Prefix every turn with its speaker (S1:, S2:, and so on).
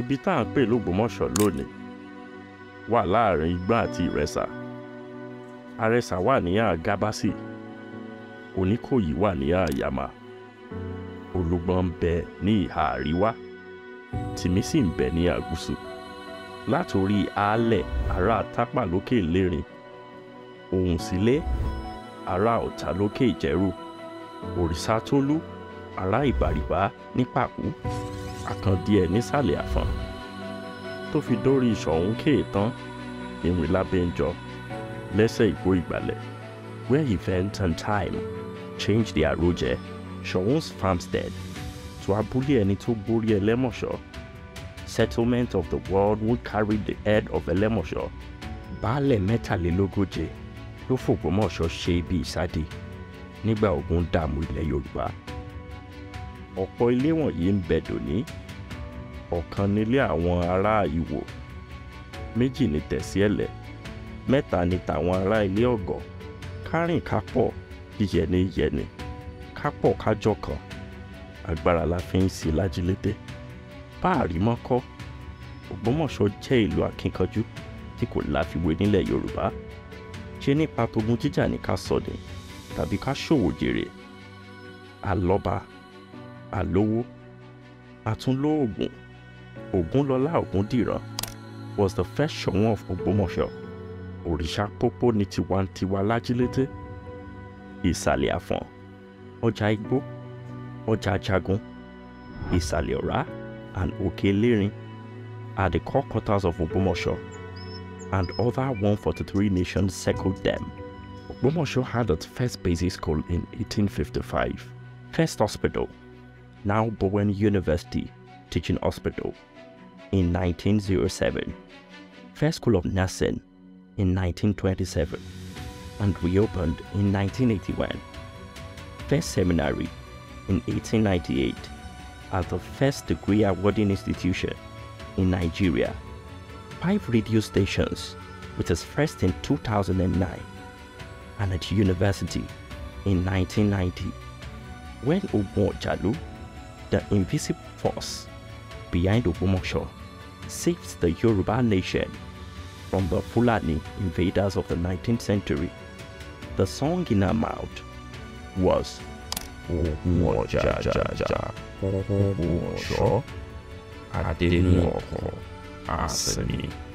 S1: ibi tá à ń pè lógbómọ̀ṣọ́ lónìí wà láàrin igbá àti ìrẹsà àrẹsà wà ní àà gábásì oníkòyí wà ní àà yàmà olúgbọ́n ń bẹ ní ìhà àríwá tìmí sì ń bẹ ní àgúsù látòrí aálẹ̀ ará tápà lókè lérin ohun sílé ará ọ̀tà lókè ìjẹ́rù òrìṣàtólú ará ìbàrìbá ní pàkú àkàndí ẹ̀ nísàlẹ̀ àfọ̀n tó fi dórí ìṣọ̀hún kéètán e ìrìn lábẹ́njọ lẹ́sẹ̀ ìgbó ìgbàlẹ̀ where event and time change their roje ṣọ̀hún's farmstead to abúlé ẹni tó gbórí ẹlẹ́mọ̀ṣọ́ settlement of the world would carry the head of ẹlẹ́mọ̀ṣọ́ baálẹ̀ mẹ́tàlélógóje ló fògbómọ̀ṣọ́ ṣe ibi ìsádi nígbà ogun dààmú ilẹ̀ yorùbá ọ̀pọ̀ ilé wọ̀nyí ń bẹ dòní ọ̀kan nílé àwọn ará ìwò méjì ní tẹ̀síẹ̀lẹ̀ mẹ́ta ní tàwọn ará ilé ọ̀gọ́ kárìn kápọ̀ yíyẹni yẹni kápọ̀ kájọ kan agbára la fi ń sí lájílété báàrí mọ́kọ́ Ògbómọ̀ṣọ́ jẹ́ ìlú akínkanjú tí kò láfiwé nílẹ̀ Yorùbá ṣe nípa togun jíjà ní ká sọ ni tàbí ká ṣòwò jèrè alọ́ba àlówó àtúnlóògùn ògúnlọlá ògúndìran was the first Ṣọ̀ún of Ògbómọ̀ṣọ́ òrìṣà pópó ní tiwantiwa lájílété ìsàlẹ̀ àfọ̀n ọjà igbó ọjà jagun ìsàlẹ̀ ọ̀rá and òkè lérin are the core quarters of Ògbómọ̀ṣọ́ and other 143 nations circled them. Ògbómọ̀ṣọ́ had its first basic school in 1855, first hospital now Bowen University Teaching Hospital in 1907, First School of Nursing in 1927 and reopened in 1981, First Seminary in 1898 as the first degree awarding institution in Nigeria, five radio stations with its first in 2009 and at university in 1990 when Omo Jalu the invisible force behind Ogbomoso saved the Yoruba nation from the Fulani invaders of the 19th century. The song in her mouth was Ogbomojajaja Asini.